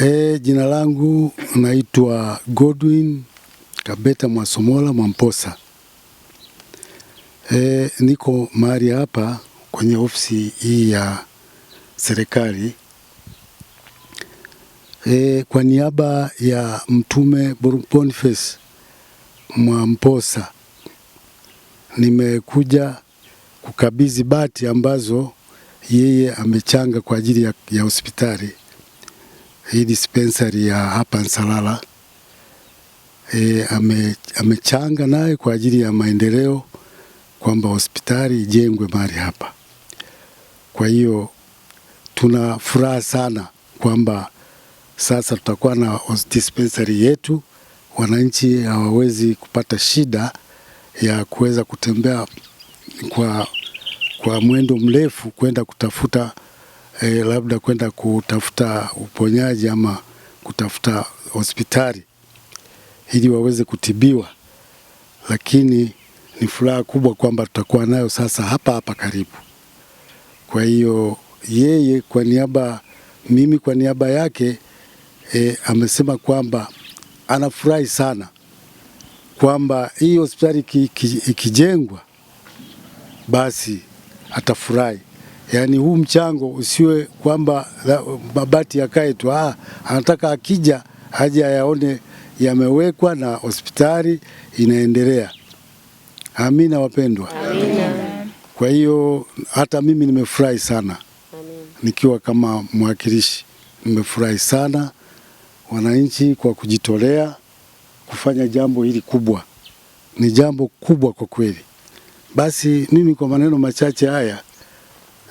E, jina langu naitwa Godwin Kabeta Mwasomola Mwamposa. E, niko mahali hapa kwenye ofisi hii ya serikali e, kwa niaba ya Mtume Boniface Mwamposa nimekuja kukabidhi bati ambazo yeye amechanga kwa ajili ya, ya hospitali hii dispensary ya hapa Nsalala. E, ame, amechanga naye kwa ajili ya maendeleo kwamba hospitali ijengwe mahali hapa. Kwa hiyo tuna furaha sana kwamba sasa tutakuwa na dispensary yetu, wananchi hawawezi kupata shida ya kuweza kutembea kwa, kwa mwendo mrefu kwenda kutafuta e, labda kwenda kutafuta uponyaji ama kutafuta hospitali ili waweze kutibiwa, lakini ni furaha kubwa kwamba tutakuwa nayo sasa hapa hapa karibu. Kwa hiyo yeye kwa niaba mimi kwa niaba yake e, amesema kwamba anafurahi sana kwamba hii hospitali ikijengwa basi atafurahi yani huu mchango usiwe kwamba mabati yakae tu, ah, anataka akija aje ayaone yamewekwa na hospitali inaendelea. Amina wapendwa, amina. Kwa hiyo hata mimi nimefurahi sana amina. Nikiwa kama mwakilishi nimefurahi sana wananchi kwa kujitolea kufanya jambo hili kubwa, ni jambo kubwa kwa kweli. Basi mimi kwa maneno machache haya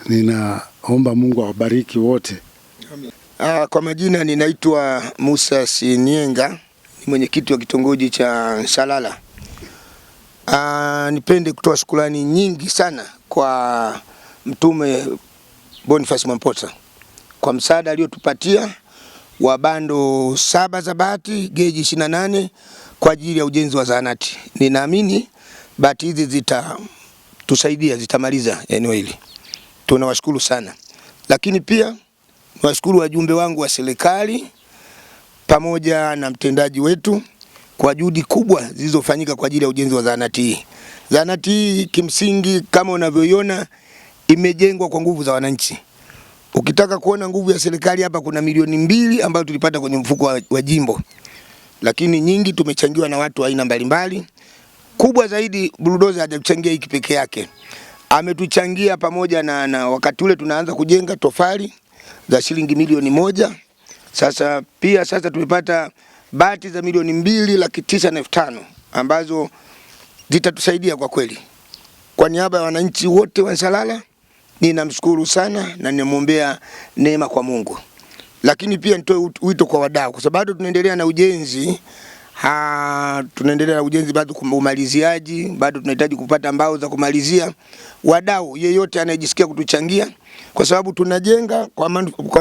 ninaomba Mungu awabariki wote. Amen. Ah, kwa majina ninaitwa Musa Sinyenga, ni mwenyekiti wa kitongoji cha salala Aa, ah, nipende kutoa shukrani nyingi sana kwa Mtume Boniface Mwamposa kwa msaada aliotupatia wa bando saba za bati geji nane kwa ajili ya ujenzi wa zahanati. Ninaamini bati hizi zitatusaidia, zitamaliza eneo hili tunawashukuru sana, lakini pia washukuru wajumbe wangu wa serikali pamoja na mtendaji wetu kwa juhudi kubwa zilizofanyika kwa ajili ya ujenzi wa zahanati hii. Zahanati hii kimsingi, kama unavyoiona, imejengwa kwa nguvu za wananchi. Ukitaka kuona nguvu ya serikali hapa, kuna milioni mbili ambayo tulipata kwenye mfuko wa, wa jimbo, lakini nyingi tumechangiwa na watu wa aina mbalimbali. Kubwa zaidi, bulldozer hajachangia hiki peke yake ametuchangia pamoja na, na wakati ule tunaanza kujenga tofali za shilingi milioni moja. Sasa pia sasa tumepata bati za milioni mbili laki tisa na elfu tano ambazo zitatusaidia kwa kweli. Kwa niaba ya wananchi wote wa Nsalala ninamshukuru sana na ninamwombea neema kwa Mungu, lakini pia nitoe wito kwa wadau, kwa sababu tunaendelea na ujenzi Ha, tunaendelea na ujenzi bado kumaliziaji, bado tunahitaji kupata mbao za kumalizia. Wadau yeyote anayejisikia kutuchangia, kwa sababu tunajenga kwa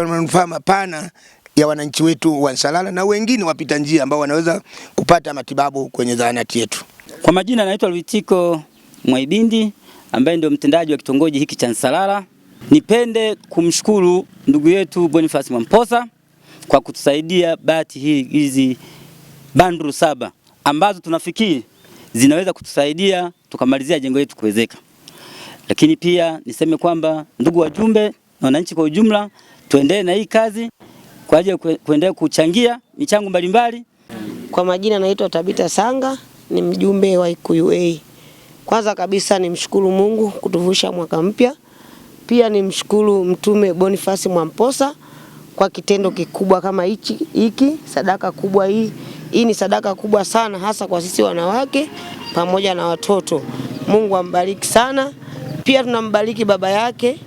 manufaa mapana ya wananchi wetu wa Nsalala na wengine wapita njia ambao wanaweza kupata matibabu kwenye zahanati yetu. Kwa majina naitwa Lwitiko Mwaibindi ambaye ndio mtendaji wa kitongoji hiki cha Nsalala. Nipende kumshukuru ndugu yetu Boniface Mwamposa kwa kutusaidia bati hii hizi bandru saba ambazo tunafikiri zinaweza kutusaidia tukamalizia jengo letu kuwezeka. Lakini pia niseme kwamba ndugu wajumbe na wananchi kwa ujumla, tuendelee na hii kazi kwa ajili ya kuendelea kuchangia michango mbalimbali. Kwa majina naitwa Tabita Sanga, ni mjumbe wa A. Kwanza kabisa nimshukuru Mungu kutuvusha mwaka mpya, pia nimshukuru Mtume Boniface Mwamposa kwa kitendo kikubwa kama hiki, sadaka kubwa hii hii ni sadaka kubwa sana, hasa kwa sisi wanawake pamoja na watoto. Mungu ambariki sana. Pia tunambariki baba yake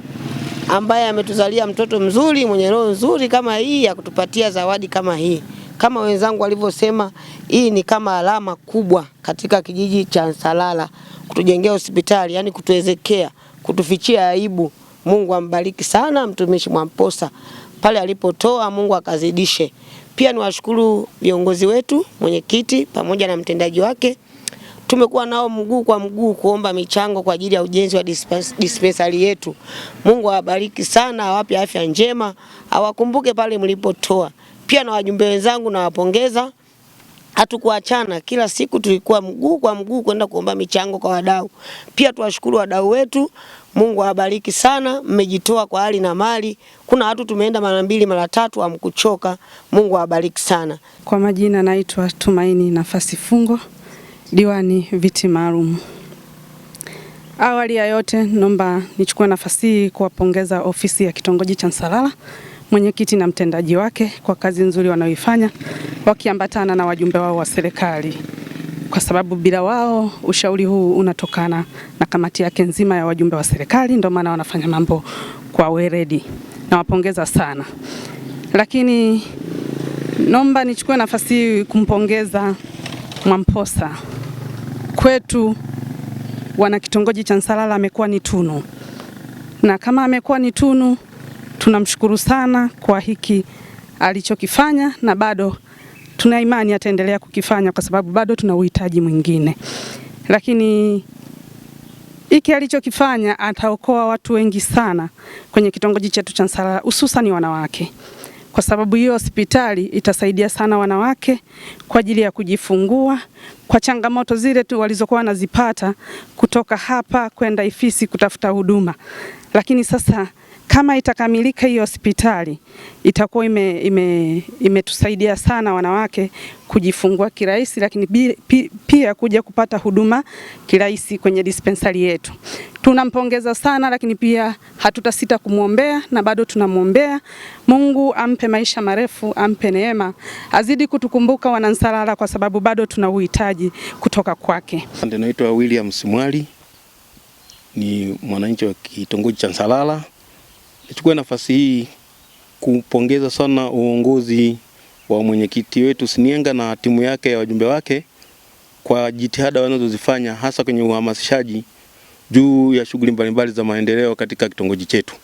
ambaye ametuzalia mtoto mzuri mwenye roho nzuri kama hii ya kutupatia zawadi kama hii. Kama wenzangu walivyosema, hii ni kama alama kubwa katika kijiji cha Nsalala, kutujengea hospitali, yani kutuwezekea, kutufichia aibu. Mungu ambariki sana mtumishi Mwamposa pale alipotoa, Mungu akazidishe. Pia niwashukuru viongozi wetu, mwenyekiti pamoja na mtendaji wake. Tumekuwa nao mguu kwa mguu kuomba michango kwa ajili ya ujenzi wa dispensari yetu. Mungu awabariki sana, awape afya njema, awakumbuke pale mlipotoa. Pia na wajumbe wenzangu nawapongeza hatukuachana, kila siku tulikuwa mguu kwa mguu kwenda kuomba michango kwa wadau. Pia tuwashukuru wadau wetu, Mungu awabariki sana, mmejitoa kwa hali na mali. Kuna watu tumeenda mara mbili mara tatu, hamkuchoka. Mungu awabariki sana. Kwa majina naitwa Tumaini Nafasi Fungo, diwani viti maalum. Awali ya yote, naomba nichukue nafasi hii kuwapongeza ofisi ya kitongoji cha Nsalala, mwenyekiti na mtendaji wake kwa kazi nzuri wanayoifanya wakiambatana na wajumbe wao wa serikali, kwa sababu bila wao ushauri huu unatokana na kamati yake nzima ya wajumbe wa serikali, ndio maana wanafanya mambo kwa weledi. Nawapongeza sana, lakini nomba nichukue nafasi hii kumpongeza Mwamposa. Kwetu wana kitongoji cha Nsalala amekuwa ni tunu, na kama amekuwa ni tunu tunamshukuru sana kwa hiki alichokifanya na bado tuna imani ataendelea kukifanya kwa sababu bado tuna uhitaji mwingine, lakini hiki alichokifanya ataokoa watu wengi sana kwenye kitongoji chetu cha Nsalala, hususani wanawake, kwa sababu hiyo hospitali itasaidia sana wanawake kwa ajili ya kujifungua, kwa changamoto zile tu walizokuwa wanazipata kutoka hapa kwenda Ifisi kutafuta huduma, lakini sasa kama itakamilika hiyo hospitali itakuwa imetusaidia ime, ime sana wanawake kujifungua kirahisi, lakini pi, pia kuja kupata huduma kirahisi kwenye dispensari yetu. Tunampongeza sana, lakini pia hatutasita kumwombea na bado tunamwombea Mungu ampe maisha marefu, ampe neema, azidi kutukumbuka Wanansalala kwa sababu bado tuna uhitaji kutoka kwake. Naitwa William Simwali, ni mwananchi wa kitongoji cha Nsalala. Nichukue nafasi hii kupongeza sana uongozi wa mwenyekiti wetu Sinienga na timu yake ya wajumbe wake kwa jitihada wanazozifanya hasa kwenye uhamasishaji juu ya shughuli mbalimbali za maendeleo katika kitongoji chetu.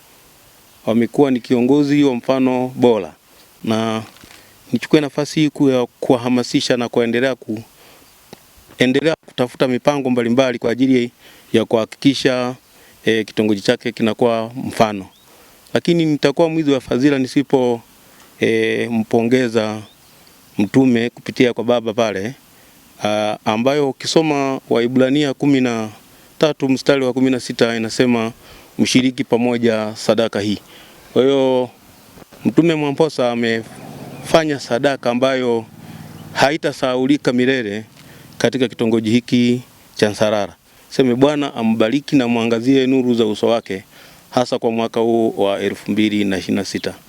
Wamekuwa ni kiongozi wa mfano bora, na nichukue nafasi hii kuwahamasisha na kuendelea ku, endelea kutafuta mipango mbalimbali kwa ajili ya kuhakikisha e, kitongoji chake kinakuwa mfano lakini nitakuwa mwizi wa fadhila nisipo e, mpongeza mtume kupitia kwa baba pale a, ambayo ukisoma Waibrania kumi na tatu mstari wa kumi na sita inasema mshiriki pamoja sadaka hii. Kwa hiyo Mtume Mwamposa amefanya sadaka ambayo haitasahaulika milele katika kitongoji hiki cha Nsalala. Seme Bwana ambariki na mwangazie nuru za uso wake hasa kwa mwaka huu wa 2026.